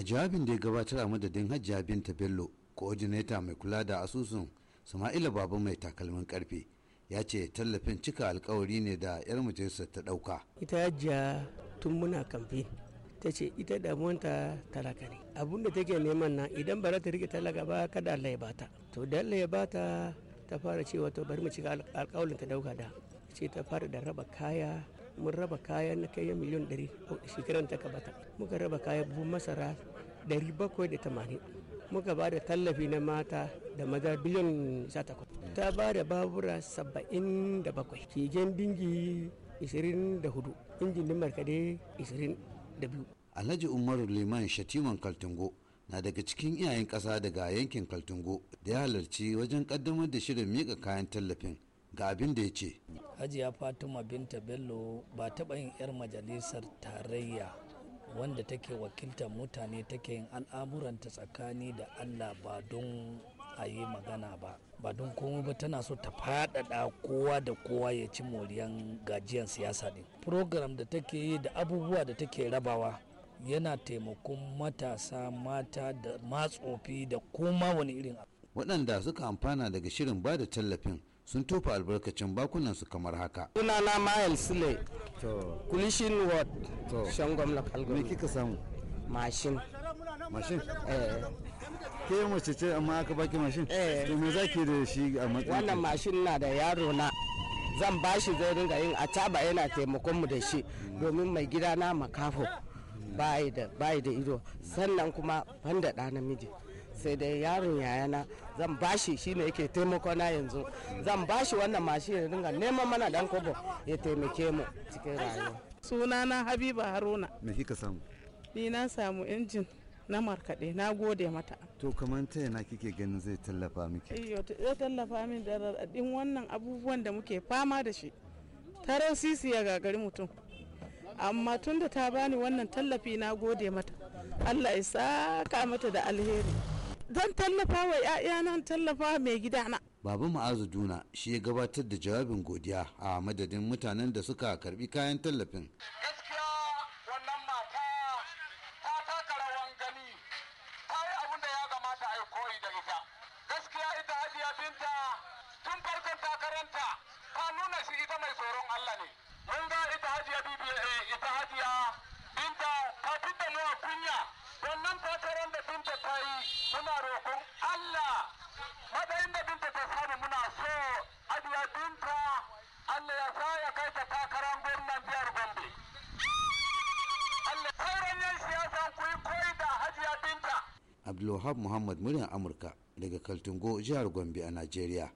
a jawabin da ya gabatar a madadin hajjiya binta bello coordinator mai kula da asusun sama'ila babu mai takalmin karfe ya ce tallafin cika alkawari ne da 'yar majalisar ta dauka ita yajiya tun muna kamfe ta ce ita damuwanta talaka ne abun da take neman nan idan ba ta rike talaka ba kada allah ya bata to da allah ya bata ta fara cewa to bari mu cika alkawarin ta dauka da ce ta fara da raba kaya mun raba kayan na kai miliyan 100 shekaran ta kabata muka raba kayan buhun masara 780 muka ba da tallafi na mata da maza biliyan 18 ta ba da babura 77 keken dingi 24 injinin markade 22 alhaji umaru liman shatiman kaltungo na daga cikin iyayen ƙasa daga yankin kaltungo da ya halarci wajen ƙaddamar da shirin miƙa kayan tallafin ga abin da ya ce hajiya fatima binta bello ba taɓa yin 'yar majalisar tarayya wanda take wakiltar mutane take yin al'amuranta tsakani da allah ba don a yi magana ba ba don komai ba tana so ta faɗaɗa kowa da kowa ya ci moriyan gajiyan siyasa ne program da take yi da abubuwa da take rabawa yana taimakon matasa mata da matsofi da kuma wani irin waɗanda suka amfana daga shirin ba da tallafin sun tofa albarkacin bakunansu kamar haka. na Mayel sile, Kulishin Ward, Shangon kalgon. Me kika samu? Mashin. Mashin? Eh, eh. Ke mace ce amma aka baki mashin? Eh. eh. To me za ki da shi a matsayin? Wannan mashin na da yaro na. Zan ba shi zai dinga yin taba yana taimakon mu da shi domin mai gida na makafo. Bayi da ido sannan kuma banda ɗa namiji. sai dai yaron yayana zan bashi ne yake taimako na yanzu zan bashi wannan mashin ya dinga neman mana dan kobo ya taimake mu cikin rayuwa sunana habiba haruna me kika samu ni na samu injin na markaɗe na gode mata to kamar ta yana kike ganin zai tallafa miki iyo zai tallafa min da din wannan abubuwan da muke fama da shi taron sisi ya gagari mutum amma tunda ta bani wannan tallafi na gode mata allah ya saka mata da alheri don tallafa wa 'ya'yana tallafa mai gidana Babu Ma'azu Duna shi ya gabatar da jawabin godiya a madadin mutanen da suka karbi kayan tallafin. Gaskiya wannan mata ta taka rawan gani ta yi abin da ya gamata a yi koyi da ita. Gaskiya ita hajiya binta tun farkon takaranta ta nuna shi ita mai tsoron Allah ne. Mun ga ita hajiya BBA ita hajiya abdulwahab muhammad muryar amurka daga kaltungo jihar gombe a najeriya